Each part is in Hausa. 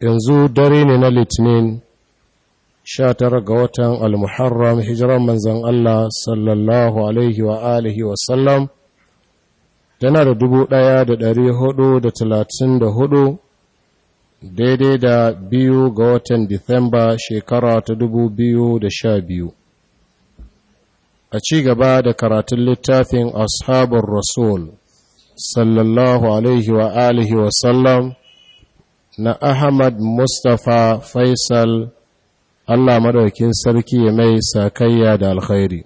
yanzu dare ne na litinin 19 ga watan al-muharram hijiran manzan Allah sallallahu alaihi wa alihi sallam tana da talatin da hudu daidai da biyu ga watan disamba shekara ta 2012 a ci gaba da karatun littafin ashabar rasul sallallahu alaihi wa alihi sallam na Ahmad Mustapha Faisal Allah madaukin sarki ya mai sakayya da alkhairi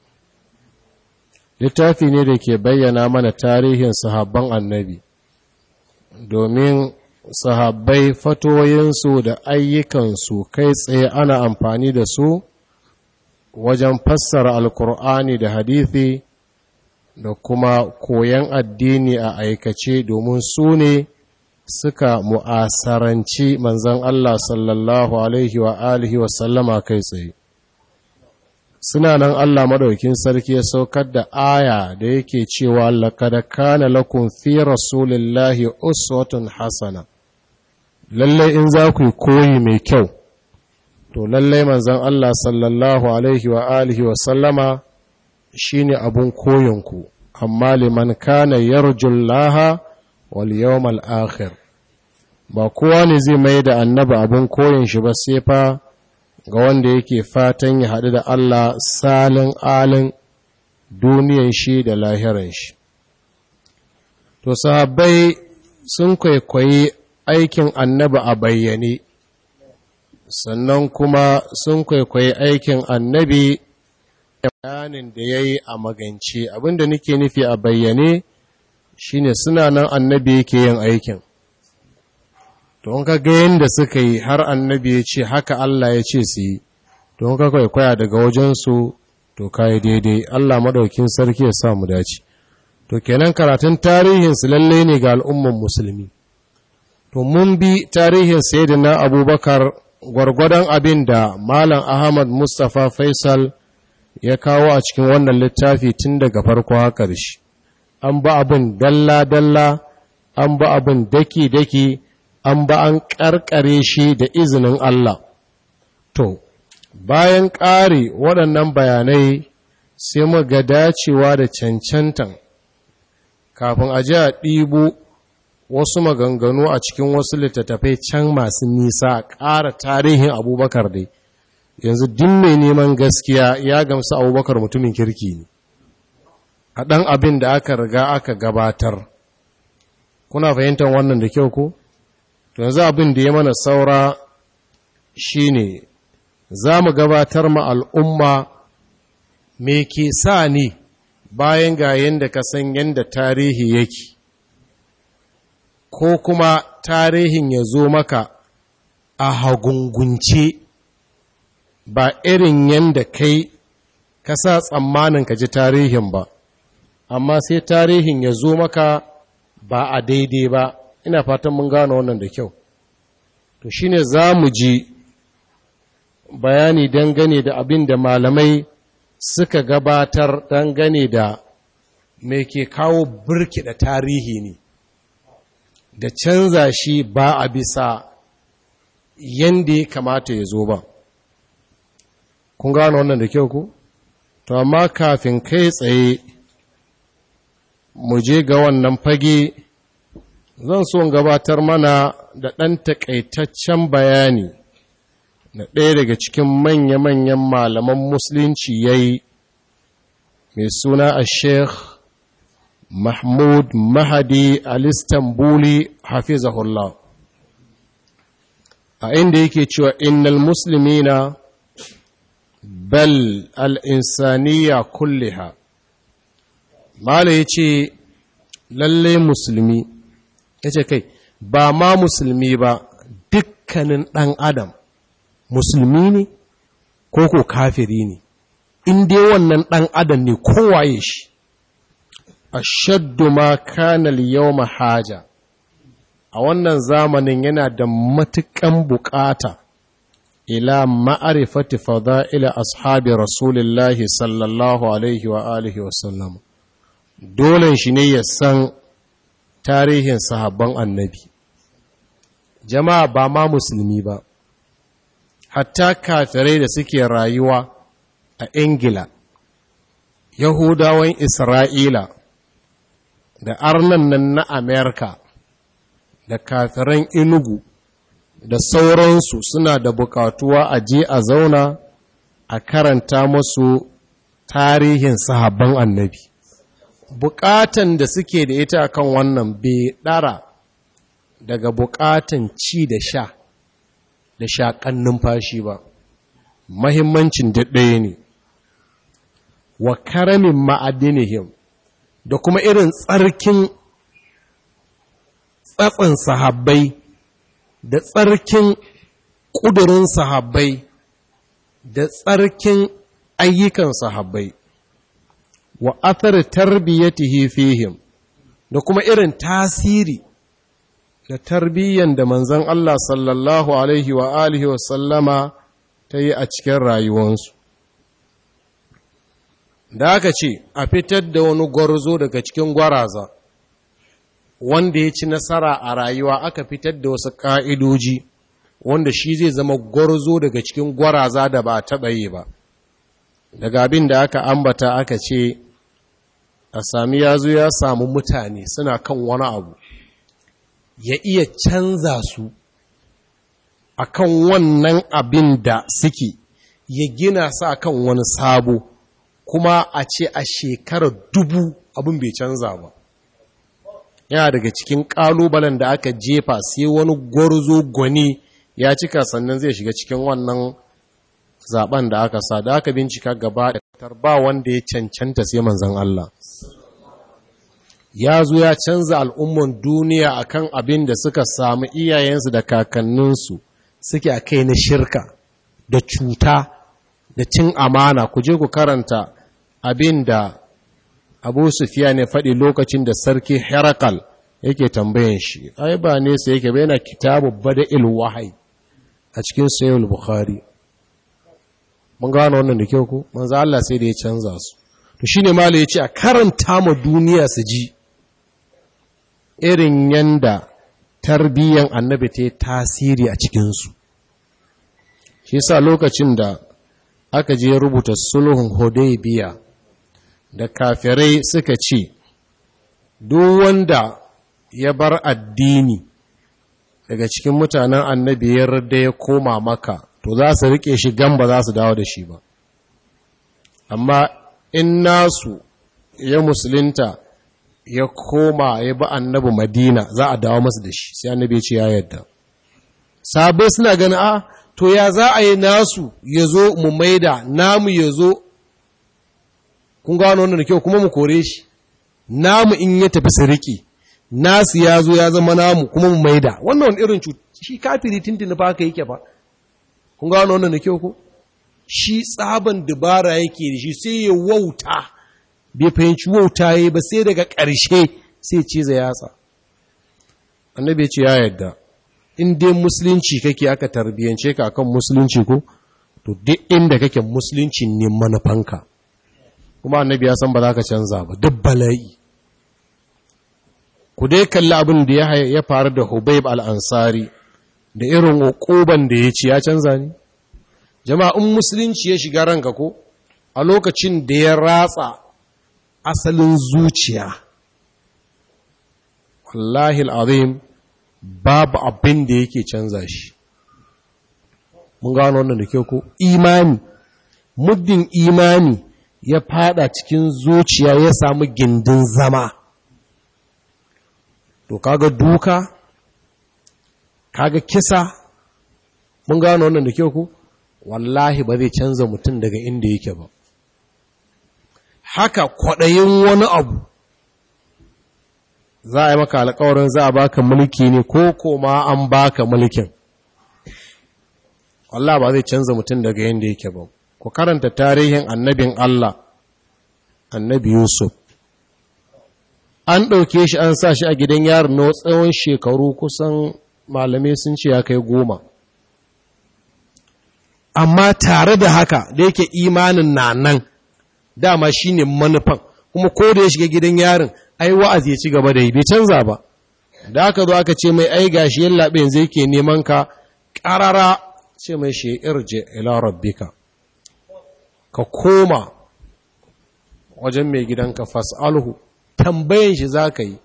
littafi ne da ke bayyana mana tarihin sahabban annabi domin sahabbai fatoyinsu da ayyukansu kai tsaye ana amfani da su wajen fassara alkur'ani da hadithi da kuma koyan addini a aikace domin su ne suka mu'asaranci manzan Allah sallallahu alaihi wa alihi wa sallama kai tsaye suna nan Allah maɗaukin sarki ya saukar da aya da yake cewa laqad kana lakum fi rasulillahi uswatun hasana Lallai in za ku koyi mai kyau to lallai manzan Allah sallallahu alaihi wa alihi wa sallama ne abun koyonku amma liman kana Laha wal yawmal akhir ba kowa ne zai mai da annaba abin koyin shi ba sai fa ga wanda yake fatan ya haɗu da Allah salin alin duniyan shi da lahiran shi to sahabbai sun kwaikwayi aikin annaba a bayyane sannan kuma sun kwaikwayi aikin annabi bayanin da ya yi a magance abinda nake nufi a bayyane shine suna nan annabi yake yin aikin don ka ga yadda suka yi har annabi ya ce haka Allah ya ce su yi don ka kwaikwaya daga wajensu to yi daidai Allah maɗaukin sarki ya sa mu dace to kenan karatun tarihinsu lalle ne ga al'umman musulmi to mun bi tarihin sayyidina abubakar gwargwadon abin da malam ahmad mustapha faisal ya kawo a cikin wannan littafi tun daga farko har shi an ba abin dalla-dalla an ba abin daki-daki an ba an ƙarƙare shi da izinin Allah. To, bayan ƙari waɗannan bayanai sai muga dacewa da cancantan kafin a ji a ɗibo wasu maganganu a cikin wasu littattafai can masu nisa a ƙara tarihin abubakar dai. Yanzu din mai neman gaskiya ya gamsu abubakar mutumin kirki ne. A ɗan abin da aka riga aka gabatar. Kuna fahimtar wannan da kyau ko? yanzu abin da ya mana saura shi ne, za mu gabatar ma al'umma me ke sa ni bayan ga yadda ka san yadda tarihi yake ko kuma tarihin ya zo maka a hagungunce ba irin yadda kai ka sa tsammanin ka ji tarihin ba amma sai tarihin ya zo maka ba a daidai ba ina fatan mun gane wannan da kyau to shine za mu ji bayani dangane da abin da malamai suka gabatar dangane da me ke kawo da tarihi ne da canza shi ba a bisa yadda ya kamata ya zo ba kun gano wannan da kyau ku? to amma kafin kai tsaye mu je ga wannan fage zan so gabatar mana da ɗan taƙaitaccen bayani na ɗaya daga cikin manya-manyan malaman musulunci ya yi mai suna a sheikh mahmud mahadi al-istanbuli hafizahullah a inda yake cewa innal muslimina bal al'insaniya kulliha mala ya ce lallai musulmi ya ce kai ba ma musulmi ba dukkanin ɗan adam musulmi ne ko ko kafiri ne in dai wannan ɗan adam ne kowaye shi A shaddu ma kanal yau haja a wannan zamanin yana da matukan buƙata ila ma'arifati ila ashabi rasulillahi sallallahu alaihi wa alihi wa dole shi ne ya san tarihin sahabban annabi jama'a ba ma musulmi ba hatta katare da suke rayuwa a ingila yahudawan isra'ila da arnan nan na amerika da kataran inugu da sauransu suna da bukatuwa a je a zauna a karanta masu tarihin sahabban annabi bukatan da suke da ita kan wannan bai ɗara daga bukatan ci da sha da shaƙan numfashi ba mahimmancin daɗaya ne wa karamin ma'adinihim da kuma irin tsarkin tsatsin sahabbai da tsarkin ƙudurin sahabbai da tsarkin ayyukan sahabbai wa athar tarbiyatihi fihim da kuma irin tasiri da tarbiyyan da manzon Allah sallallahu alaihi wa alihi wa sallama ta yi a cikin rayuwansu da aka ce a fitar da wani gwarzo daga cikin gwaraza wanda ya ci nasara a rayuwa aka fitar da wasu ƙa'idoji wanda shi zai zama gwarzo daga cikin gwaraza da ba a taɓa yi ba daga abin da aka ambata aka ce a sami ya zo ya samu mutane suna kan wani abu ya iya canza su a kan wannan abin da suke ya gina su a kan wani sabo kuma a ce a shekarar dubu abin bai canza ba yana daga cikin ƙalubalen da aka jefa sai wani gwarzo gwani ya cika sannan zai shiga cikin wannan zaben da aka sa da aka bincika gaba da ba wanda ya cancanta sai manzan Allah ya zo ya canza al'umman duniya a kan abin da suka samu iyayensu da kakanninsu suke a kai na shirka da cuta da cin amana ku je ku karanta abin da abu sufiya ne faɗi lokacin da sarki herakal yake tambayan shi ai ba nesa yake ba yana kitabu bada ilwahai a cikin sayul bukhari mun gano wannan da kyau ku manzo Allah sai da ya canza su to shine malai ya a karanta ma duniya su ji irin yanda tarbiyyan annabi ta tasiri a cikinsu shi sa lokacin da aka je rubuta sulhun hudaybiya da kafirai suka ce duk wanda ya bar addini daga cikin mutanen annabi yarda ya koma maka to za su rike shi gamba za su dawo da shi ba amma in nasu ya musulunta ya koma ya bi annabi madina za a dawo masa da shi sai annabi ya ce ya yadda sabai suna gani a ah, to ya za a yi nasu ya zo mu maida namu ya zo kun gano wannan da kyau kuma mu kore shi namu in ya tafi siriki nasu ya zo ya zama namu kuma mu maida wannan wani irin cuta shi kafiri tintin ba haka yake ba kun gano wannan da kyau ko shi tsaban dubara yake da shi sai ya wauta bai fahimci wauta yi ba sai daga ƙarshe sai ciza yatsa annabi ya ce ya yadda in dai musulunci kake aka tarbiyyance ka akan musulunci ko to duk inda kake musulunci ne manufanka kuma annabi ya san ba za ka canza ba duk bala'i ku dai kalli abin da ya ya faru da Hubaib al'ansari da irin ukuban da ya ci ya canza ne jama'a musulunci ya shiga ranka ko a lokacin da ya ratsa asalin zuciya wallahi al'azim babu abin da yake canza shi mun gano wannan da kyau ko imani muddin imani ya fada cikin zuciya ya samu gindin zama to kaga duka kaga kisa mun gano wannan da kyau ko wallahi ba zai canza mutum daga inda yake ba haka kwaɗayin wani abu za a yi maka alƙawarin za a baka mulki ne ko koma an baka mulkin Allah ba zai canza mutum daga yadda yake ba ku karanta tarihin annabin Allah annabi Yusuf an ɗauke shi an sa shi a gidan yarin na tsawon shekaru kusan malamai sun ce ya kai goma amma tare da haka da yake imanin na nan dama shine manufan kuma ko da ya shiga gidan yarin ai wa'azi ya ci gaba da yi bai canza ba da aka zo aka ce mai ai gashi yalla bai yanzu yake neman ka ƙarara ce mai shi irje ila rabbika ka koma wajen mai gidan gidanka fas'alhu tambayan shi zaka yi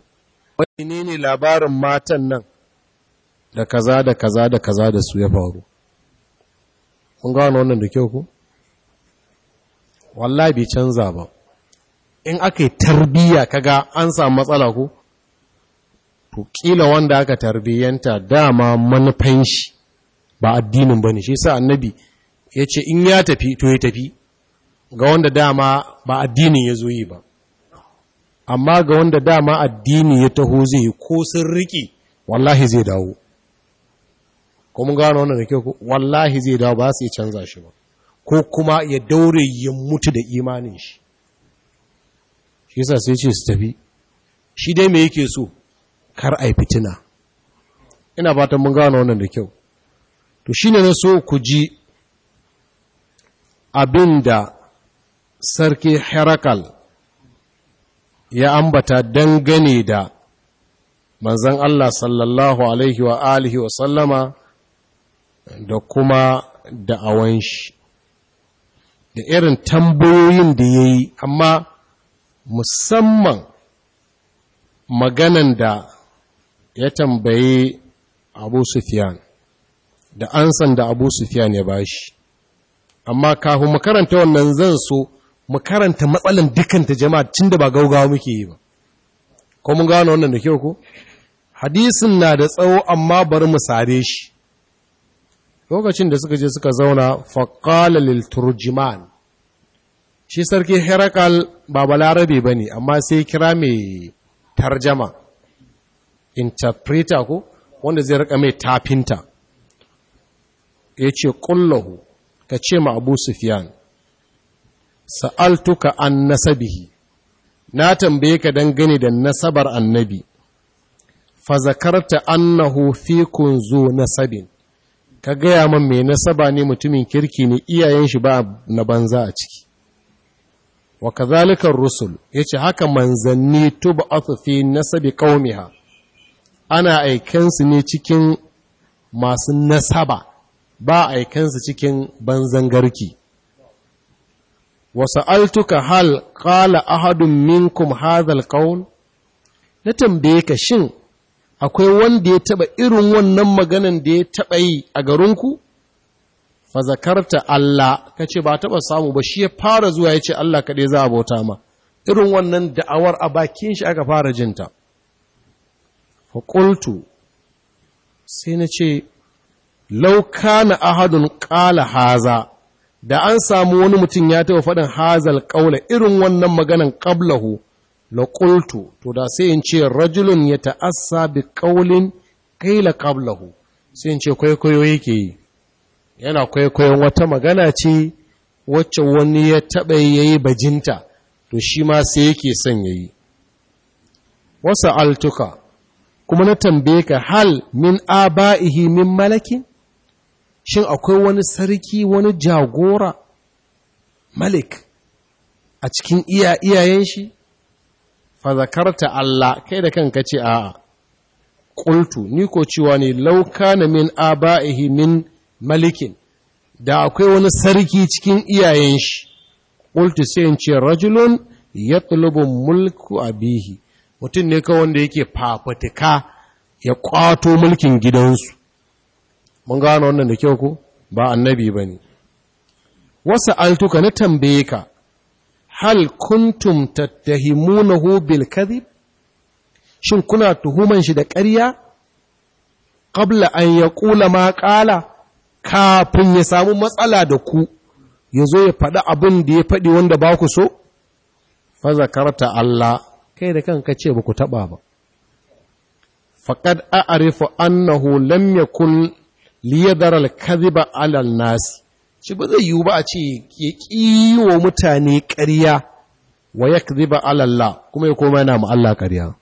wani ne labarin matan nan da kaza da kaza da kaza da su ya faru An gano wannan da kyau ko. wallahi bai canza ba in aka yi tarbiyya kaga an samu matsala ko to kila wanda aka tarbiyyanta dama manufan shi ba addinin bane shi yasa annabi yace in ya tafi to ya tafi ga wanda dama ba addinin ya zo yi ba amma ga wanda dama addini ya taho zai yi ko sun riki wallahi zai dawo kuma gano wannan da kyau wallahi zai dawo ba su yi canza shi ba ko kuma ya daure ya mutu da imanin shi shi yasa sai ce su tafi shi dai me yake so kar ai fitina ina fatan mun gano wannan da kyau to shine na so ku ji abinda sarki Herakal ya ambata dangane da manzan Allah sallallahu alaihi wa alihi wa sallama da kuma da'awan shi da irin tambayoyin da ya yi amma musamman maganan da ya tambaye abu sufiyan da ansan da abu sufiyan ya bashi amma kafin makaranta wannan zan so makaranta matsalan dukanta jama'a tun da ba gaugawa muke yi ba ko mun gano wannan da kyau ko hadisin na da tsawo amma bari mu sare shi lokacin da suka je suka zauna faƙala shi sarki herakal ba balarabe ba ne amma sai kira mai tarjama interpreter ko wanda zai rika mai tafinta ya ce ƙullahu ka ce ma abu sufiyan sa'altuka an nasabihi na tambaye ka dangane da nasabar annabi fa zakarta annahu kun zo nasabin ka gaya man mai nasaba ne mutumin kirki ne iyayen shi ba na banza a ciki wa kazalika rusul ya ce haka manzanni tuba fi nasabi qaumiha ana aikansu ne cikin masu nasaba ba aikansu cikin banzan garki Wasu altuka hal kala ahadun minkum hazal qawl na tambaye ka shin akwai wanda ya taɓa irin wannan maganan da ya taɓa yi a garinku? fazakarta Allah, ka ce ba taɓa samu ba shi ya fara zuwa ya ce Allah kaɗai za a bauta ma, irin wannan da'awar a bakin shi aka fara jinta. Fa sai na ce, lauka na ahadun ƙala haza, da an samu wani mutum ya taɓa faɗin hazal ƙaula irin wannan maganan ƙablahu, laƙultu to da sai in ce rajulun ya ta'assa bi ƙaulin ƙaila ƙablahu sai in ce kwaikwayo yake yi yana kwaikwayon wata magana ce wacce wani ya taɓa ya yi bajinta to shi ma sai yake son ya yi wasu altuka kuma na tambaye ka hal min aba'ihi min Malaki, shin akwai wani sarki wani jagora malik a cikin iyayen shi fa Allah kai da kanka ce a'a ƙultu ni ko cewa ne lauka na min aba'ihi min malikin da akwai wani sarki cikin iyayen shi ƙultu sai in ce rajulun yatlubu mulku abihi mutum ne kawai wanda yake fafatika ya ƙwato mulkin gidansu mun gano wannan da kyau ko ba annabi ba ne. Wasu altuka na tambaye ka hal kuntum tattahimunahu bil kadhib shin kuna tuhuman shi da ƙarya qabla an yaqula ma qala kafin ya samu matsala da ku ya zo ya faɗi abin da ya faɗi wanda ba ku so fa zakarta Allah kai da kanka ce ba ku taɓa ba faƙad a'arifu annahu lam yakul liyadar al-kadhiba 'ala an-nas shi ba zai yiwu ba a ce ya ƙi wa mutane ƙarya wa yakdhiba ala Allah kuma ya koma yana mu Allah ƙarya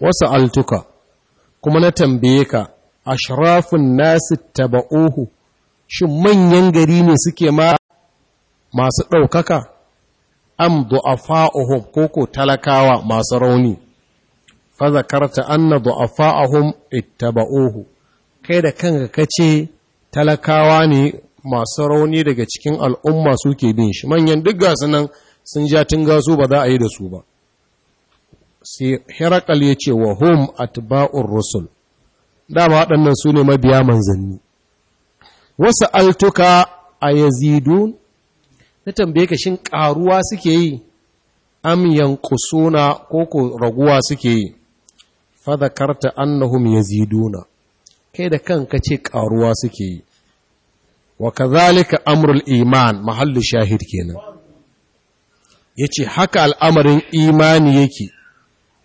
Wasu altuka kuma na tambaye ka sharafin nasu taba'uhu shi manyan gari ne suke ma masu ɗaukaka am du'afa'uhum ko ko talakawa masu rauni fa zakarta anna du'afa'uhum ittaba'uhu kai da kanka kace talakawa ne masu rauni daga cikin al'umma suke bin shi manyan duk gasu nan sun ja tun gasu ba za a yi da su ba sai herakal ya ce wa hum ba’un rusul dama waɗannan su ne mabiya manzanni wasu altuka a yazidu na tambaye ka shin ƙaruwa suke yi am yanqusuna ko ko raguwa suke yi zakarta annahum yaziduna kai da kanka ce ƙaruwa suke yi wa kazalika amrul iman mahallu shahid kenan yace haka al'amarin imani yake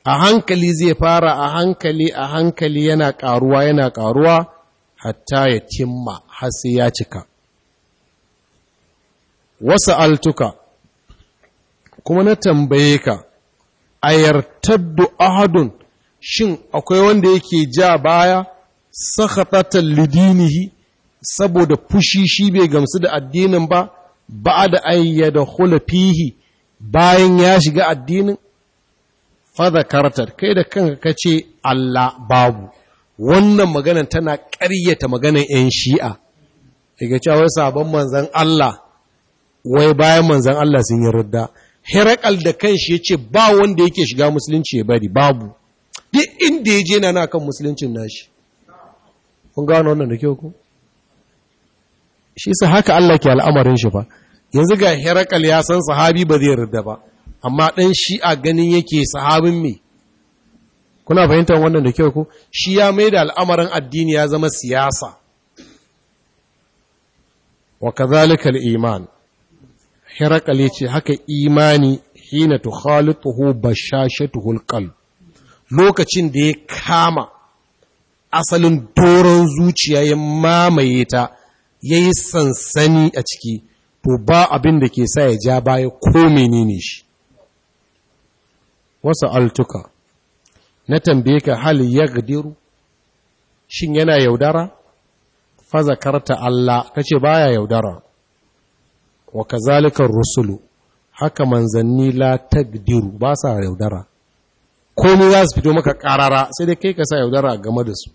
a hankali zai fara a hankali a hankali yana ƙaruwa yana ƙaruwa hatta ya cimma har sai ya cika wasu altuka kuma na tambaye ka ayartaddu ahadun shin akwai wanda yake ja baya sakhatatan lidinihi saboda fushi shi bai gamsu da addinin ba ba da ayyada khulafihi bayan ya shiga addinin karatar. kai da kanka kace Allah babu wannan maganar tana ƙaryata maganar 'yan shi'a daga cewa sabon manzon Allah wai bayan manzon Allah sun yi rudda herakal da kanshi ya ce ba wanda yake shiga musulunci ya bari babu duk inda ya je na kan musuluncin nashi kun gano wannan da kyau ku shi sa haka Allah ke al'amarin shi ba yanzu ga herakal ya san sahabi ba zai yarda ba amma dan shi a ganin yake sahabin me kuna fahimtar wannan da kyau ku shi ya mai da al'amarin addini ya zama siyasa wa kadhalika al-iman herakal ce haka imani hina tukhalituhu bashashatuhu al lokacin da ya kama asalin doron zuciya ya mamaye ta ya yi sansani a ciki to ba abin da ke sa ya ja baya ko menene shi wasu altuka na tambaye ka hali ya gadiru shin yana yaudara fazakarta Allah kace baya yaudara wa kazalika rusulu haka manzanni la tagdiru ba sa yaudara komai za su fito maka karara sai dai kai ka sa yaudara game da su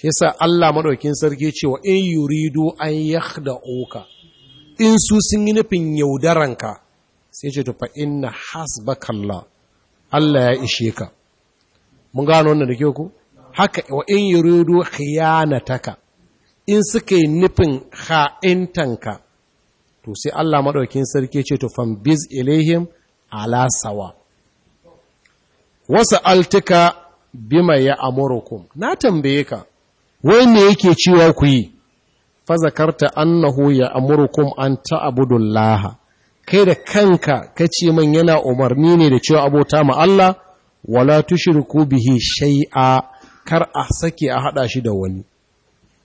shi sa Allah maɗaukin sarki cewa in yuridu an yakhda oka in su sun yi nufin yaudaranka sai ce tufa inna hasbakallah Allah ya ishe ka mun gano wannan da ke ku haka wa in yuridu khiyanataka in suka yi nufin ha'intanka to sai Allah maɗaukin sarki ce to biz ilaihim ala sawa wasu altika bima ya amurukum na tambaye ka wai me yake cewa ku yi fa zakarta annahu ya amurukum an Allah kai da kanka kace man yana umarni ne da cewa abota ma Allah wala tushriku bihi shay'a kar a sake a hada shi da wani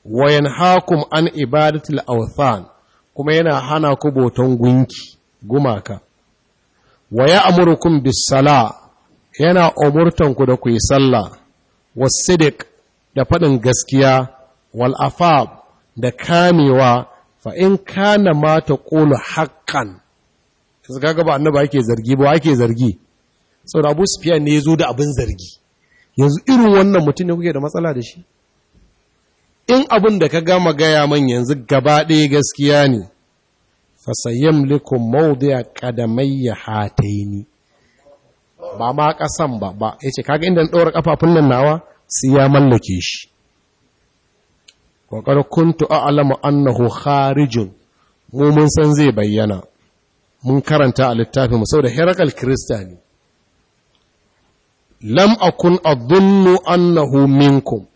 Wayan hakum an ibadatil awthan kuma yana hana ku boton gunki gumaka Waya ya'murukum bis sala yana ku da ku yi sallah wa da faɗin gaskiya wal'afab da kamewa in kana ma ta ƙolo haƙƙan su gaga ba annaba ake zargi ba ake zargi sau da abu sufiya ne zo da abin zargi yanzu irin wannan mutum ne kuke da matsala da shi in abin da ka gama gaya man yanzu gaba ɗaya gaskiya ne fasayyam likun ya ƙadamayya ni. ba ma ƙasan ba ba ya ce kaga inda na ɗora ƙafafun nan nawa sai ya mallake shi waƙar kuntu a'lamu annahu kharijun mu mun san zai bayyana mun karanta a littafin mu saboda herakal kirista ne lam akun adhunnu annahu minkum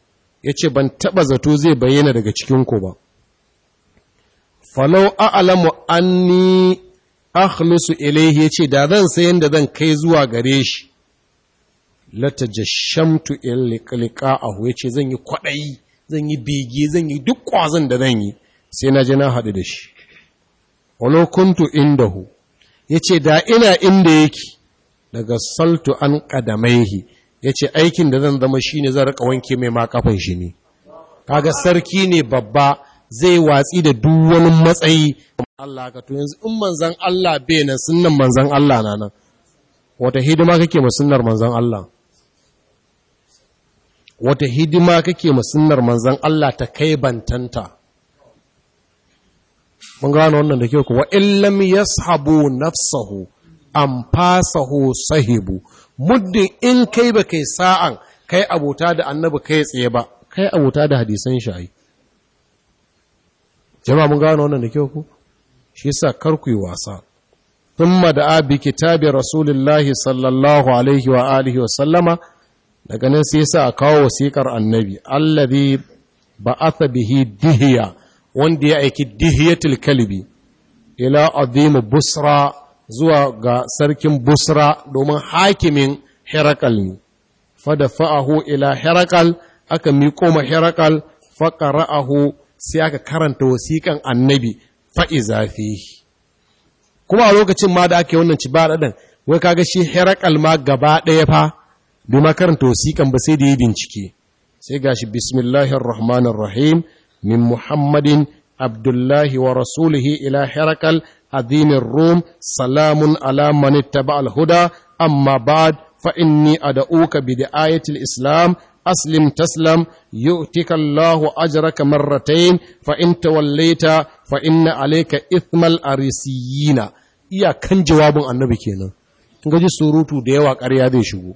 yace ban taba zato zai bayyana daga cikin ku ba falau a'lamu anni akhlusu ilayhi yace da zan sayan da zan kai zuwa gare shi lata jashamtu in liƙa a huwa ce zan yi kwaɗayi zan yi bege zan yi duk ƙwazon da zan yi sai na je na haɗu da shi olokuntu indahu. inda hu ya ce da ina inda yake daga saltu an ƙadamaihi ya ce aikin da zan zama shi ne zan riƙa wanke mai ma kafan shi ne kaga sarki ne babba zai watsi da duk wani matsayi Allah ka to yanzu in manzan Allah bai nan sunnan manzan Allah na nan wata hidima kake ma sunnar manzan Allah wata hidima kake musunnar manzan Allah ta kai bantanta mun gano wannan da ke kuwa illam sahabu nafsahu an fasahu sahibu muddin in kai ba kai sa'an kai abota da annabi kai tsaye ba kai abota da hadisan shayi Jam'a mun gano wannan da kyau ku shi sa kar ku yi wasa Tumma da abi kitabi Rasulullahi sallallahu alaihi wa alihi wa sallama daga nan sai sa a kawo wasikar annabi allazi ba'atha bihi dihiya wanda ya aiki dihiyatul kalbi ila azim busra zuwa ga sarkin busra domin hakimin herakal ne fa'ahu ila herakal aka miƙo ma herakal faqara'ahu sai aka karanta wasikan annabi fa'iza fihi kuma a lokacin ma da ake wannan ci ba wai kaga shi herakal ma gaba ɗaya fa bima karanta wasiƙan ba sai da yi bincike sai ga shi rahmanir rahim min muhammadin abdullahi wa rasulihi ila herakal adinin rom salamun alamani taba alhuda amma bad fa'inni a da uka bi islam aslim taslam yu'tika allahu ajraka marratayn fa in tawallaita fa inna alayka ithmal arisiyina Iyakan jawabin annabi kenan kun gaji surutu da yawa ƙarya zai shigo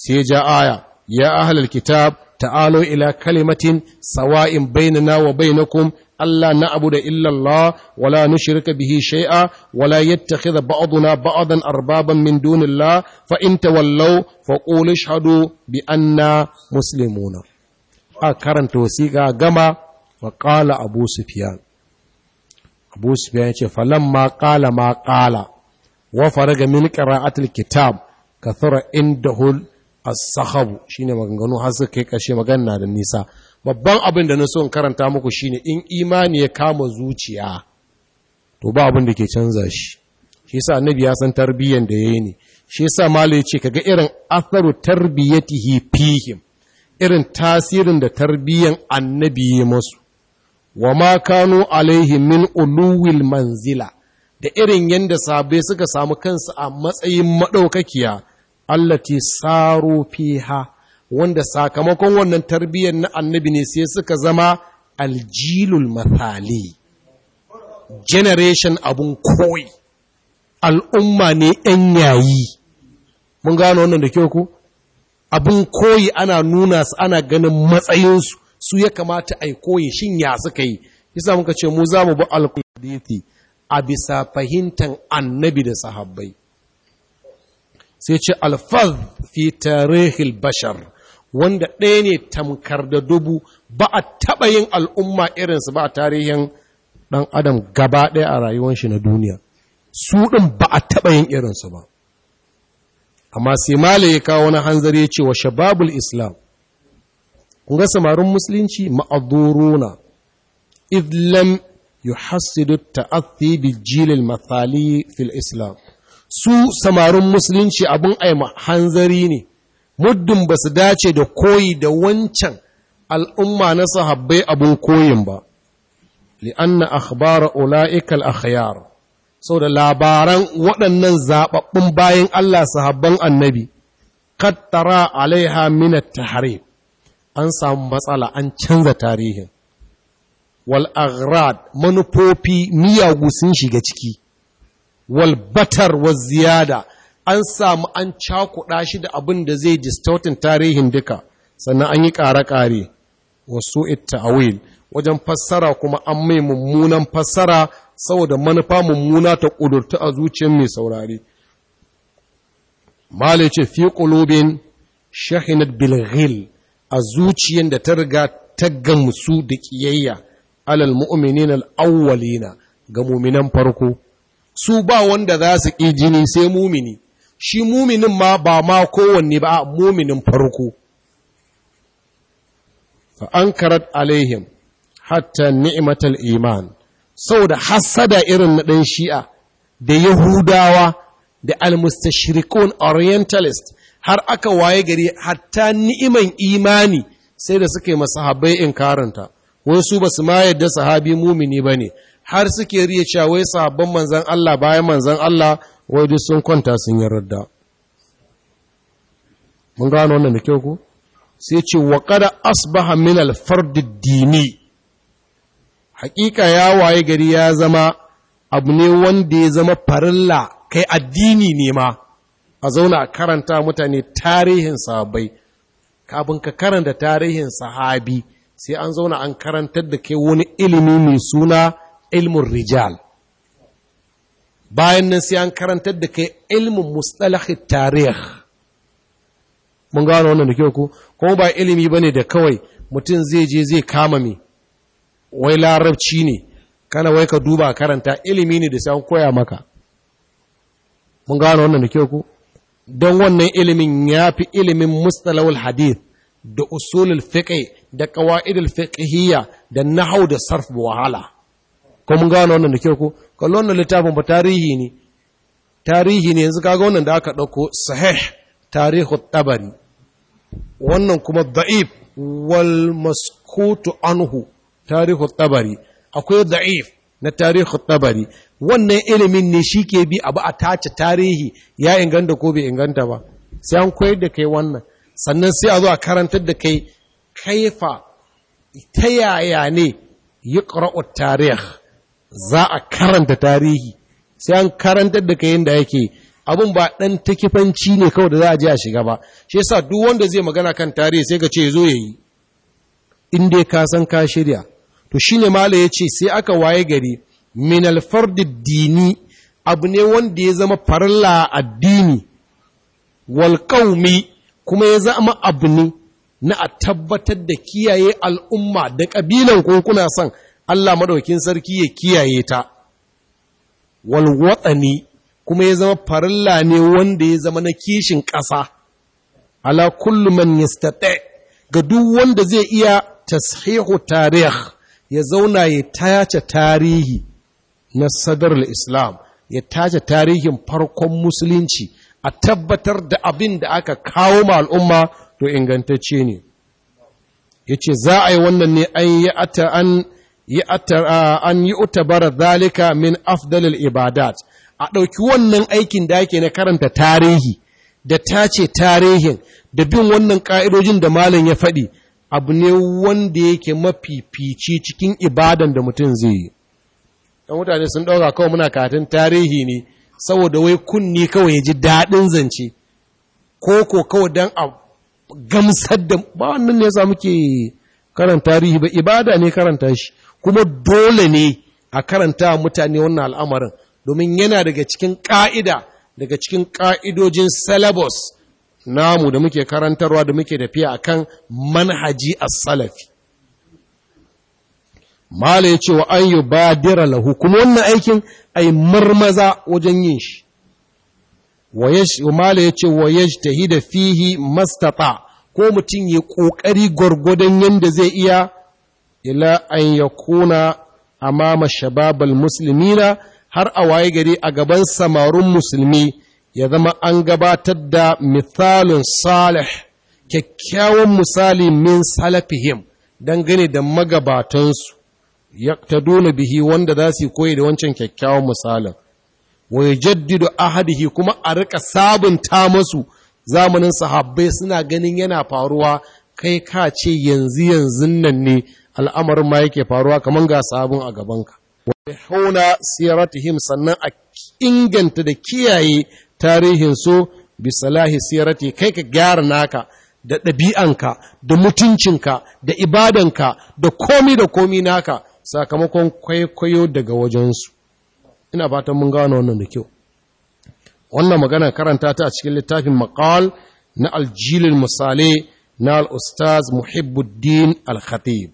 sai ja aya ya ahlal kitab ta'alu ila kalimatin sawa'in bainana wa bainakum alla na'budu illa Allah wa la nushrika bihi shay'a wa la yattakhidha ba'duna ba'dan arbaban min dunillah fa in tawallaw fa qul ishhadu bi anna muslimuna a karanta wasiqa gama wa qala abu sufyan abu sufyan yace falamma qala ma qala wa faraga min qira'atil kitab kathara indahul as-sahabu shine maganganu har suka kai kashe magana da nisa babban abin da na so in karanta muku shine in imani ya kama zuciya to ba abin da ke canza shi shi yasa annabi ya san tarbiyyar da yayi ne shi yasa malai ya ce kaga irin atharu tarbiyatihi fihim irin tasirin da tarbiyyan annabi ya musu wa ma kanu alaihi min uluwil manzila da irin yanda sabai suka samu kansu a matsayin madaukakiya allati saru fiha wanda sakamakon wannan tarbiyyar na annabi ne sai suka zama aljilul mathali generation abun koyi al'umma ne ‘yan yayi mun gano wannan da kyau ku abun koyi ana nuna su ana ganin matsayinsu su ya kamata a yi koyi shin ya suka yi yasa muka ce mu za mu bi alkuladithi a bisa fahimtar annabi da sahabbai sai ce alfaz fi tarihil bashar wanda ɗaya ne tamkar da dubu ba a taɓa yin al'umma irinsu ba a tarihin ɗan adam gaba ɗaya a rayuwar shi na duniya su ɗin ba a taɓa yin irinsu ba amma sai mala ya kawo wani hanzari ya ce wa shababul islam kun ga samarin musulunci ma'aduruna idlam yuhassidu ta'athi bi jilil mathali fil islam su samarin musulunci abin aima hanzari ne muddin ba su dace da koyi da wancan al'umma na sahabbai abin koyin ba li'anna akhbara ula'ikal akhyar sau da labaran waɗannan zaɓaɓɓun bayan Allah sahabban annabi kattara alaiha ta hare. an samu matsala an canza tarihin wal agrad manufofi miyagu sun shiga ciki walbatar wa ziyada an samu an cakuɗa shi da abin da zai distautin tarihin duka sannan an yi ƙare-ƙare wasu wil wajen fassara kuma an mai mummunan fassara saboda manufa mummuna ta ƙudurta a zuciyar mai saurari mala ce fi ƙulubin shahinat bilghil a zuciyar da ta riga ta gamsu da ƙiyayya alal mu'minin al'awwalina ga muminan farko su ba wanda za su ƙi jini sai mumini shi muminin ma ba ma kowanne ba muminin farko fa an karat alaihim hatta ni'matal iman saboda hasada irin na ɗan shi'a da yahudawa da almustashirikun orientalist har aka waye gari hatta ni'iman imani sai da suka yi masahabai in karanta wai su ba su ma yadda sahabi mumini ba ne har suke riya cewa wai sabon manzan Allah bayan manzan Allah wai duk sun kwanta sun yi radda mun gano wannan da kyau ko sai ce wa qad asbaha min al fard dini hakika ya waye gari ya zama abu ne wanda ya zama farilla kai addini ne ma a zauna a karanta mutane tarihin sahabbai kafin ka karanta tarihin sahabi sai an zauna an karantar da kai wani ilimi mai suna ilmin rijal bayan nan sai an karantar da kai ilmin mustalahi tarih mun gano wannan da kyau ko ba ilimi bane da kawai mutum zai je zai kama mi wai larabci ne kana wai ka duba karanta ilimi ne da sai an koya maka mun gano wannan da kyau ko don wannan ilimin ya fi ilimin mustalahul hadith da usulul fiqh da qawaidul fiqhiyya da nahau da sarf wahala ko mun gano wannan da kyau ko kallon wannan littafin ba tarihi ne tarihi ne yanzu kaga wannan da aka ɗauko sahih tarihu tabari wannan kuma da'if wal maskutu anhu tarihu tabari akwai da'if na tarihu tabari wannan ilimin ne shi ke bi abu a tace tarihi ya inganta ko bai inganta ba sai an koyar da kai wannan sannan sai a zo a karantar da kai kaifa ta yaya ne yi tarih za a karanta tarihi sai an karantar da kayan da yake abin ba ɗan takifanci ne kawai da za a je a shiga ba shi yasa duk wanda zai magana kan tarihi sai ka ce zo yayi in dai ka san ka shirya to shine mala ya ce sai aka waye gari min al dini abu ne wanda ya zama farilla addini wal kuma ya zama abu ne na a tabbatar da kiyaye al'umma da ƙabilan ko kuna son Allah maɗaukin sarki ya kiyaye ta Walwatsani kuma ya zama farilla ne wanda ya zama na kishin ƙasa ala kullu man yastata ga duk wanda zai iya tashihu tarih ya zauna ya tace tarihi na sadar islam ya tace tarihin farkon musulunci a tabbatar da abin da aka kawo ma al'umma to ingantacce ne ya ce za a yi wannan ne an yi ata an an yi utabara zalika min afdalil ibadat a ɗauki wannan aikin da ake na karanta tarihi da tace tarihin da bin wannan ƙa'idojin da malam ya faɗi abu ne wanda yake mafifici cikin ibadan da mutum zai yi ɗan mutane sun ɗauka kawai muna katin tarihi ne saboda wai kunni kawai ya ji daɗin zance ko ko kawai don a gamsar da ba wannan ne ya muke karanta tarihi ba ibada ne karanta shi kuma dole ne a karanta mutane wannan al'amarin domin yana daga cikin ƙa'ida daga cikin ƙa'idojin salabos namu da muke karantarwa da muke tafiya a kan manhaji a salafi mala ya ce wa an yi dira lahu kuma wannan aikin a yi marmaza wajen yin shi mala ya ce wa ya da fihi ko mutum ya ƙoƙari gwargwadon yadda zai iya ila an yakuna amama shababal musulmina har a waye gari a gaban samarun musulmi ya zama an gabatar da misalin salih kyakkyawan misali min salafihim dangane da magabatansu yaktaduna bihi wanda za su koyi da wancan kyakkyawan misalin wa yajaddidu ahadihi kuma a rika sabunta masu zamanin sahabbai suna ganin yana faruwa kai ka ce yanzu yanzu nan ne al'amarin ma yake faruwa kamar ga sabon a gabanka wani hauna siyaratihim sannan a inganta da kiyaye tarihin so bisalahi siyarati kai ka gyara naka da ɗabi'anka da mutuncinka da ibadanka da komi da komi naka sakamakon kwaikwayo daga wajensu ina fatan mun gano wannan da kyau wannan magana karanta ta a cikin littafin maqal na aljilin misali na al-ustaz muhibbuddin al-khatib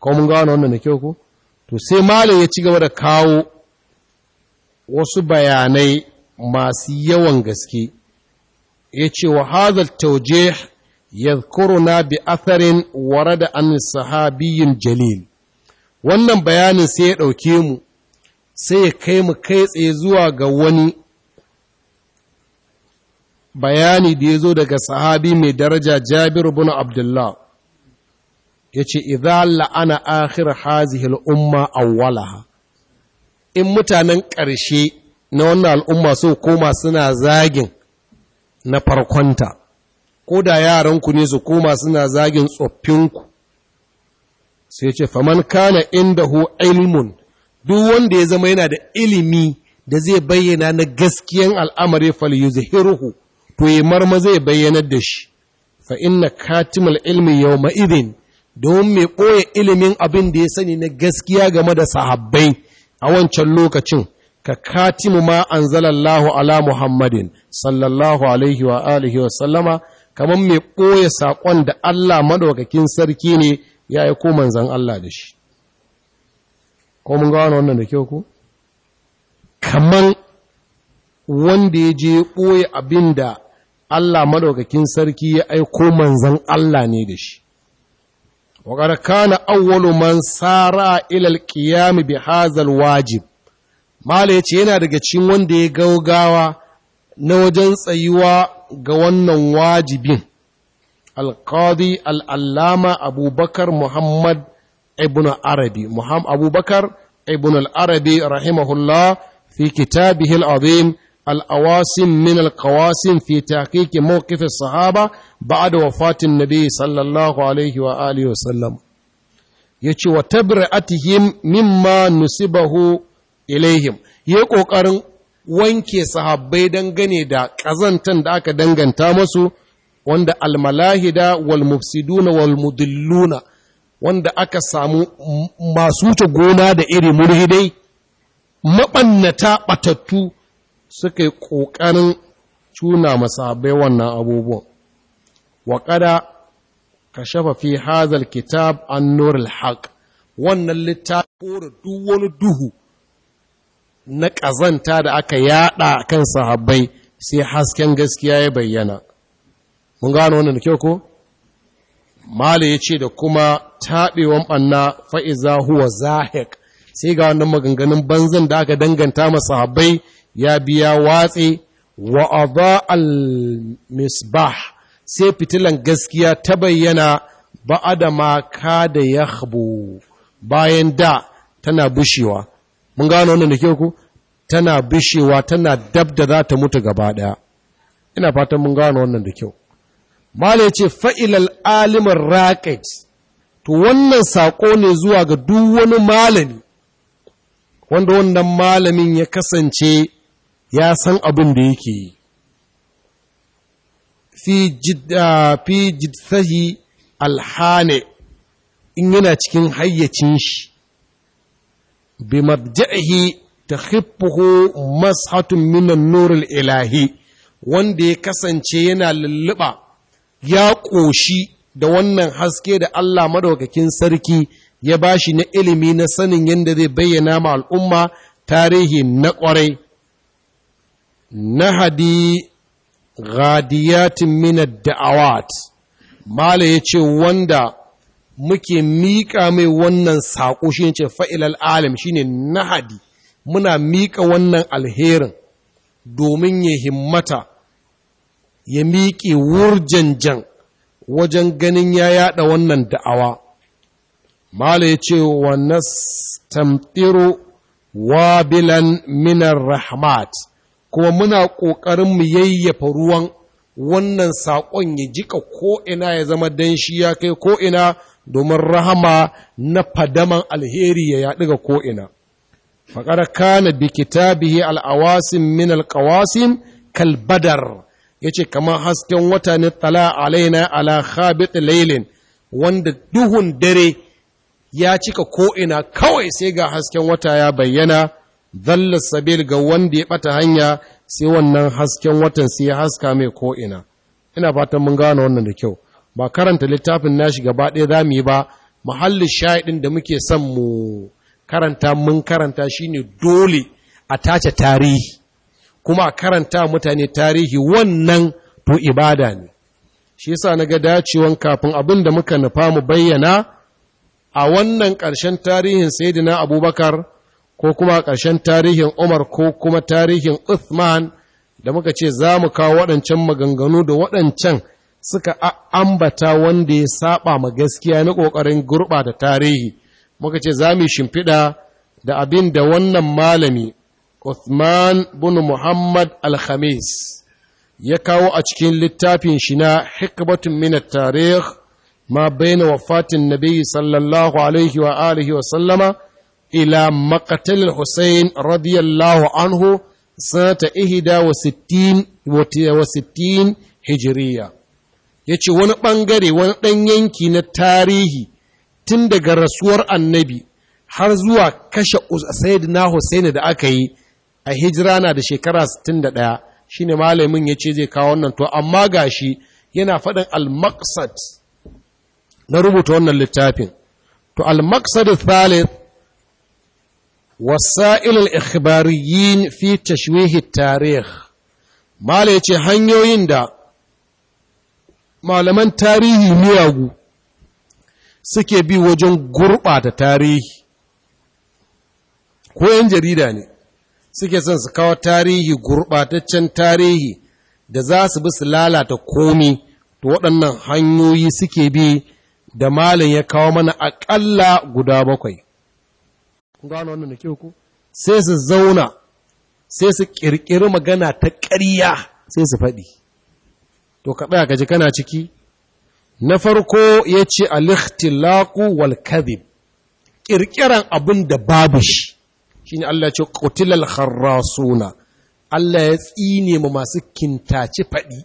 ko mun gano wannan da kyau ko to sai malam ya ci gaba da kawo wasu bayanai masu yawan gaske ya ce wa ya tawjih na bi atharin ware da an sahabiyin jalil wannan bayanin sai ya ɗauke mu sai ya kai mu kai tsaye zuwa ga wani bayani da ya zo daga sahabi mai daraja jabiru bin Abdullah ya ce la'ana akhir hazihi al'umma awwalaha in mutanen ƙarshe na wannan al'umma so koma suna zagin na farkonta ko da yaranku ne su koma suna zagin tsoffinku sai ce faman kana hu ilmun duk wanda ya zama yana da ilimi da zai bayyana na gaskiyan al'amari fal yuzhiruhu to ya marma zai bayyana da shi fa na katimal ilmi yau ma’idin domin mai ɓoye ilimin abin da ya sani na gaskiya game da sahabbai a wancan lokacin ka katimu ma an zalallahu ala muhammadin sallallahu alaihi wa alihi wa sallama kamar mai ɓoye saƙon da Allah maɗaukakin sarki ne ya yi zan Allah da shi ko mun gano wannan da kyau ku kamar wanda ya je ɓoye abin da Allah maɗaukakin sarki ya aiko manzan Allah ne da shi وقد كان أول من سار إلى القيام wajib. الواجب ya ce yana daga cikin wanda ya gaugawa na wajen tsayuwa ga wannan wajibin alkadi al'allama abubakar muhammad ibn arabi abubakar ibn al'arabi rahimahullah fi kitabihi al'azim al'awasin min alkawasin fi taƙiƙi mawqif sahaba ba'da wafatin nabi sallallahu alaihi wa wa sallam yace wa tabri'atihim mimma nusibahu ilaihim yayi ƙoƙarin wanke sahabai dangane da kazantan da aka danganta masu wanda almalahida wal mufsiduna wal mudilluna wanda aka samu masu wuce gona da iri murhidai maɓannata ɓatattu suka ƙoƙarin cuna masahabai wannan abubuwan Waƙada, ka kashafa fi hazal kitab an nurul wannan littafin kore duk wani duhu na ƙazanta da aka yaɗa kan sahabbai sai hasken gaskiya ya bayyana mun gano wannan da kyau ko Mali ya ce da kuma taɓewan ɓanna fa'iza huwa zahik sai ga wannan maganganun banzan da aka danganta ma sahabai ya biya watsi wa'aba al misbah sai fitilan gaskiya ta bayyana ba adama ka da ya bayan da tana bushewa mun gano wannan da ke ku tana bushewa tana dab da za ta mutu gaba ɗaya ina fatan mun gano wannan da kyau mala ya ce fa'ilal alimin raƙet to wannan saƙo ne zuwa ga duk wani malami wanda wannan malamin ya kasance ya san abin da yake yi Ah, fi jidsahi alhane in yana cikin hayyacin shi bi marja'ihi takhiffuhu mashatun minan nurul ilahi wanda ya kasance yana lulluɓa ya ƙoshi da wannan haske da Allah madaukakin sarki ya bashi na ilimi na sanin yadda zai bayyana ma al'umma tarihi na ƙwarai na hadi ghadiyatin minad da'awat mala ya wanda muke miƙa mai wannan saƙo shi ce fa'ilal alim shi ne nahadi muna miƙa wannan alherin domin ya himmata ya miƙe wurjanjan wajen ganin ya yaɗa wannan da'awa mala ya ce wa nastamtiro wabilan minar rahmat kuma muna ƙoƙarin mu yayyafa ruwan wannan saƙon ya jika ko'ina ya zama danshi ya kai ko'ina domin rahama na fadaman alheri ya yaɗu ga ko'ina. Faƙar kana bi kitabihi al'awasin min alƙawasin kalbadar ya ce kamar hasken wata ne tala alaina ala khabit lailin wanda duhun dare ya cika ko'ina kawai sai ga hasken wata ya bayyana dallas sabil ga wanda ya bata hanya sai wannan hasken watan sai ya haska mai ko'ina ina fatan mun gano wannan da kyau ba karanta littafin nashi gaba ɗaya za mu yi ba muhallin sha'idin da muke son mu karanta mun karanta shi ne dole a tace tarihi kuma a karanta mutane tarihi wannan to ibada ne shi yasa naga dacewan kafin abin da muka nufa mu bayyana a wannan ƙarshen tarihin sayyidina abubakar ko kuma ƙarshen tarihin Umar ko kuma tarihin Uthman da muka ce za mu kawo waɗancan maganganu da waɗancan suka ambata wanda ya saba ma gaskiya na ƙoƙarin gurɓa da tarihi muka ce za mu shimfiɗa da abin da wannan malami Uthman bin Muhammad Al-Khamis ya kawo a cikin littafin shi na hikmatun min tarikh ma baina wafatin nabi sallallahu alaihi wa alihi wa sallama ila maqatal Hussein radiyallahu anhu sanata ihda wa sittin wa sittin hijiriya yace wani ɓangare wani ɗan yanki na tarihi tun daga rasuwar annabi har zuwa kashe sayyidina Hussein da aka yi a hijira na da shekara 61 shine malamin yace zai kawo wannan to amma gashi yana faɗin al na rubuta wannan littafin to al-maqsad thalith wasa'il al-ikhbariyin fi tashwihi tarih yace hanyoyin da malaman tarihi miyagu suke bi wajen gurɓata tarihi ko yan jarida ne suke son su kawo tarihi gurɓataccen tarihi da za su bi su lalata komi to waɗannan hanyoyi suke bi da malin ya kawo mana aƙalla guda bakwai kun gano wannan da kyau ku sai su zauna sai su kirkiri magana ta ƙarya sai su faɗi to ka tsaya gaji kana ciki na farko ya ce alikhtilaku wal kadhib kirkiran abin da babu shi shine Allah ya ce qutilal kharrasuna Allah ya tsine mu masu kintace faɗi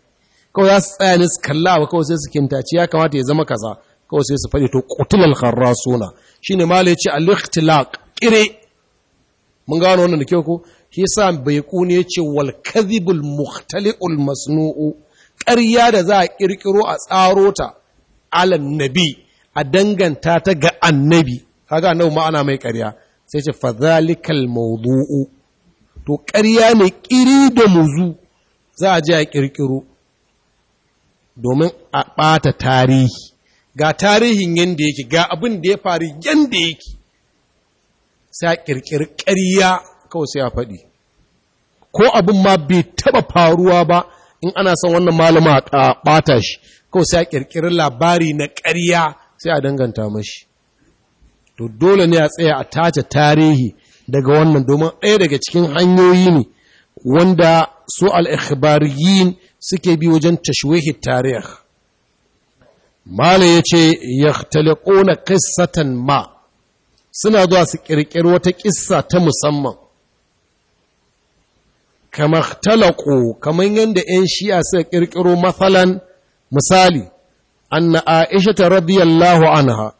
kawai za su tsaya ne su kalla ba kawai sai su kintace ya kamata ya zama kaza kawai sai su faɗi to qutulal kharrasuna shine mala yace al-ikhtilaq kire mun gano wannan da kyau ko shi yasa bai kuni yace wal kadhibul mukhtali'ul masnu'u ƙarya da za a kirkiro a tsaro ta nabi a danganta ta ga annabi kaga annabi ma ana mai ƙarya sai ce fadhalikal mawdu'u to ƙarya mai ƙiri da muzu za a je a ƙirƙiro domin a ɓata tarihi ga tarihin yadda yake ga abin da ya faru yadda yake sai a ƙirƙiri ƙarya kawai sai a faɗi ko abin ma bai taɓa faruwa ba in ana son wannan malama a ɓata shi kawai sai a labari na ƙarya sai a danganta mashi to dole ne a tsaya a tace tarihi daga wannan domin ɗaya daga cikin hanyoyi ne wanda su al suke bi wajen tashwehi tarihi Mala ya ce, Yahtaliƙuna ƙissatan ma, suna zuwa su ƙirƙiri wata ƙissa ta musamman. Kamar talaƙo, kamar yadda ‘yan shi'a suka ƙirƙiro matsalan misali, anna Aisha ta radiyallahu anha,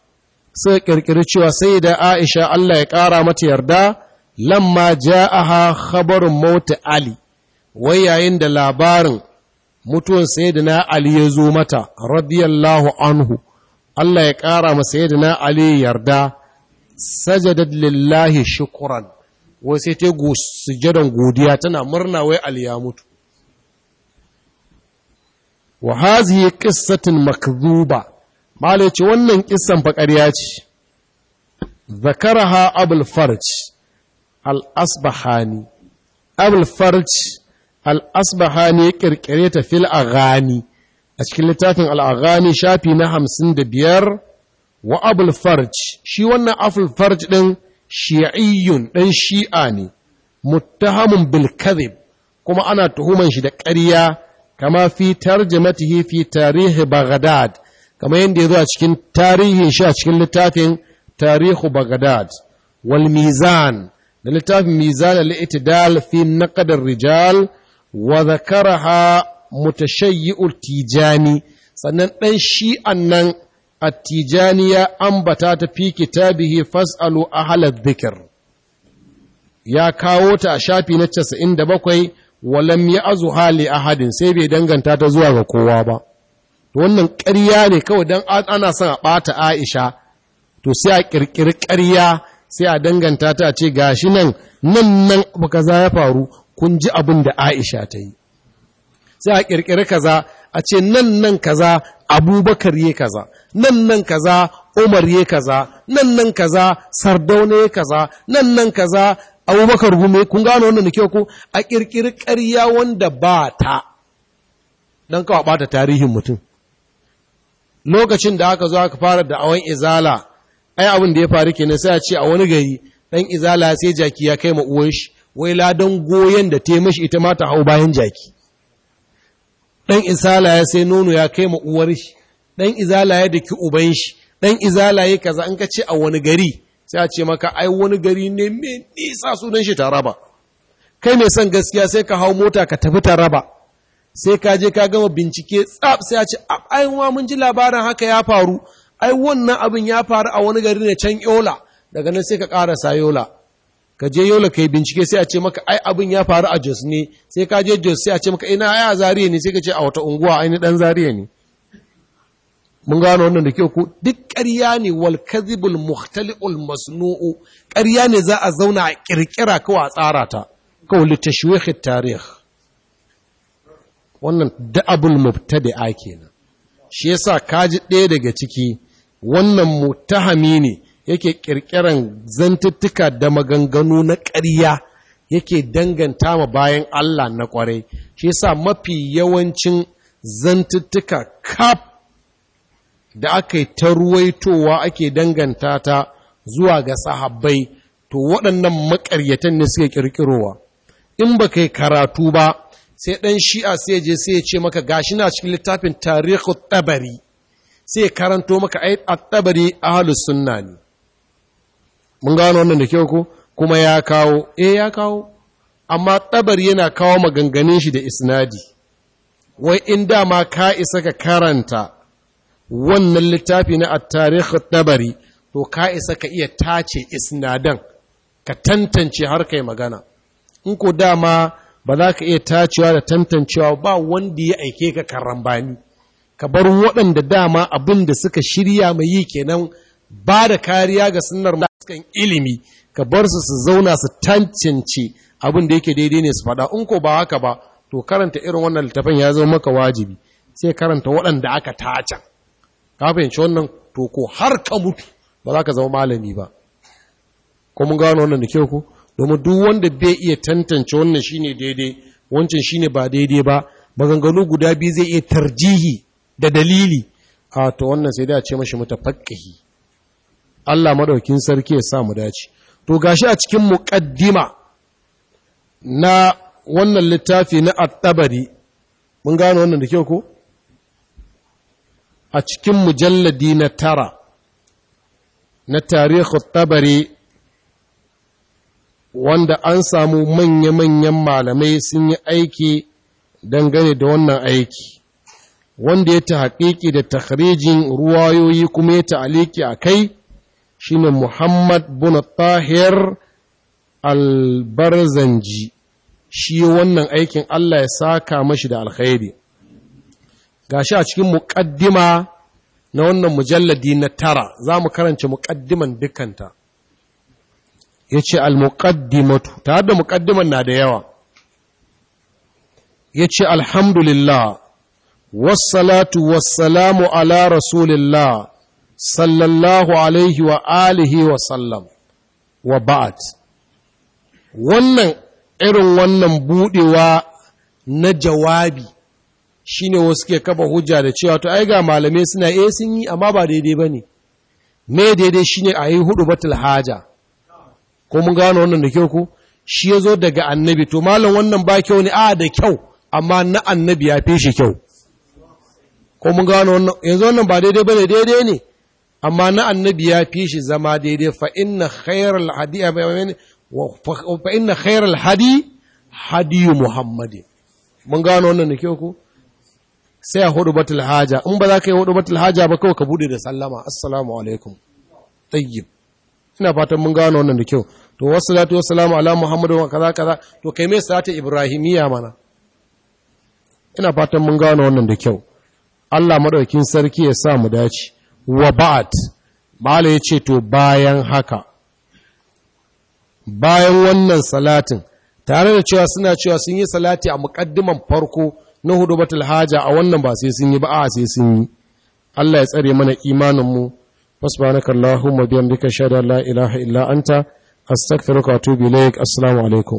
suka ƙirƙiri cewa sai da Aisha Allah ya ƙara mata yarda, lamma ja'aha khabarun mauta Ali, wai yayin da labarin mutuwan sayyidina ali ya zo mata radiyallahu anhu Allah ya ƙara ma sayyidina ali yarda sajadat lillahi shukran wai sai ta sujadan godiya tana murna wai ali ya mutu wa hazihi qissatun makdhuba malai ce wannan kissan fa ƙarya ce zakaraha abul farj al asbahani abul farj al-asbahani ya ƙirƙire ta fil a cikin littafin al shafi na hamsin da biyar wa abul shi wannan abul farj ɗin shi'iyyun ɗan shi'a ne muttahamun bilkazib kuma ana tuhuman shi da ƙarya kama fi tarjamatihi fi tarihi baghdad kama yadda ya zo a cikin tarihin shi a cikin littafin tarihu baghdad wal mizan da littafin mizan al-i'tidal fi naqd ar-rijal wa ta mutashayyi'ul tijani sannan ɗan shi'an nan attijani ya ambata ta fi kitabihi fas'alu halar zikir ya kawo ta a shafi na casa'in da bakwai walam ya azu hali ahadin sai bai danganta ta zuwa ga kowa ba to wannan ƙarya ne kawai dan ana son a bata Aisha to sai a kirkiri ƙarya sai a danganta ta ce gashi nan nan nan abu kaza ya faru kun ji abin da Aisha ta yi sai a kirkiri kaza a ce nan nan kaza Abubakar ya kaza nan nan kaza Umar ya kaza nan nan kaza Sardauna ya kaza nan nan kaza Abubakar gume kun gano wannan kyau ko a kirkiri ƙarya wanda ba ta don kawa bata tarihin mutum lokacin da aka zo aka fara da awon izala ai abin da ya faru kenan sai a ce a wani gari ɗan izala sai jaki ya kai ma uwan shi wai ladan goyon da ta mashi ita ma ta hau bayan jaki ɗan isala ya sai nono ya kai ma uwar shi ɗan izala ya daki uban shi ɗan izala ya kaza in ka ce a wani gari sai a ce maka ai wani gari ne mai nisa sunan shi taraba kai mai son gaskiya sai ka hau mota ka tafi taraba sai ka je ka gama bincike tsab sai a ce ai wa mun ji labarin haka ya faru ai wannan abin ya faru a wani gari ne can yola daga nan sai ka ƙarasa yola ka je yola kai bincike sai a ce maka ai abin ya faru a Jos ne sai ka je Jos sai a ce maka ina ai a Zariya ne sai ka ce a wata unguwa ai dan Zariya ne mun gano wannan da kyau ko duk ƙarya ne wal kadhibul muhtali'ul masnu'u ƙarya ne za a zauna a kirkira kawai a tsara ta kawai litashwih tarikh wannan da'abul mubtadi'a kenan shi yasa kaji ɗaya daga ciki wannan mutahami ne yake kirkiran zantuttuka da maganganu na ƙarya yake danganta ma bayan Allah na ƙwarai shi sa mafi yawancin zantuttuka kaf da aka yi ta ruwaitowa ake danganta ta zuwa ga sahabbai to waɗannan maƙaryatan ne suke ƙirƙirowa in ba kai karatu ba sai ɗan shi'a sai je sai ce maka gashi na cikin littafin tarihi tabari sai karanto maka ai at-tabari a sunna ne mun gano wannan da kyau ko kuma ya kawo eh ya kawo amma tabar yana kawo maganganun shi da isnadi wai in dama ka isa ka karanta wannan littafi na at-tarikh tabari to ka isa ka iya tace isnadan ka tantance har kai magana in ko dama ba za ka iya tacewa da tantancewa ba wanda ya aike ka karambani ka bar waɗanda dama abin da suka shirya mai yi kenan ba da kariya ga sunnar fuskan ilimi ka bar su su zauna su tantance abin da yake daidai ne su faɗa in ko ba haka ba to karanta irin wannan littafin ya zama maka wajibi sai karanta waɗanda aka tace ka fahimci wannan to ko har ka mutu ba za ka zama malami ba ko mun gano wannan da kyau ko domin duk wanda bai iya tantance wannan shine daidai wancan shine ba daidai ba maganganu guda biyu zai iya tarjihi da dalili a ah, to wannan sai da ce mashi mutafaqqihi Allah maɗaukin sarki ya sa mu dace to gashi a cikin muƙaddima na wannan littafi na at-tabari mun gano wannan da kyau ko a cikin mujalladi na tara na tarihi tabari wanda an samu manya-manyan malamai sun yi aiki dangane da wannan aiki wanda ya ta haƙiƙi da takrijin ruwayoyi kuma ya aliki a kai shine Muhammad bin Tahir al-Barzanji shi wannan aikin Allah ya saka mashi da alkhairi gashi a cikin muqaddima na wannan mujalladi na tara zamu karanta muqaddiman dukkanta yace al-muqaddimatu ta da muqaddiman na da yawa yace alhamdulillah wassalatu wassalamu ala rasulillah sallallahu alaihi wa alihi wa sallam wa ba'at wannan irin wannan budewa na jawabi shine wasu ke kafa hujja da cewa to ai ga malamai suna eh sun yi amma ba daidai bane me daidai shine a yi hudu batul haja ko mun gano wannan da kyau ko shi yazo daga annabi to malam wannan ba kyau ne a da kyau amma na annabi ya fi shi kyau ko mun gano wannan yanzu wannan ba daidai bane daidai ne amma na annabi ya fi shi zama daidai fa inna khairal hadi fa hadi hadi muhammadin mun gano wannan da kyau ko sai a hudu batul haja in ba za ka yi hudu batul haja ba kawai ka bude da sallama assalamu alaikum tayyib ina fatan mun gano wannan da kyau to wasu wassalatu wassalamu ala Muhammadu wa kaza kaza to kai mai salatu ibrahimiya mana ina fatan mun gano wannan da kyau Allah madaukin sarki ya sa mu dace wa ba'at mala ya ce to bayan haka bayan wannan salatin tare da cewa suna cewa sun yi salati a muƙaddiman farko na hudu batul haja a wannan ba sai sun yi ba a sai sun yi Allah ya tsare mana imaninmu fasbanaka biyan bihamdika shada la ilaha illa anta astaghfiruka wa atubu ilaik assalamu alaikum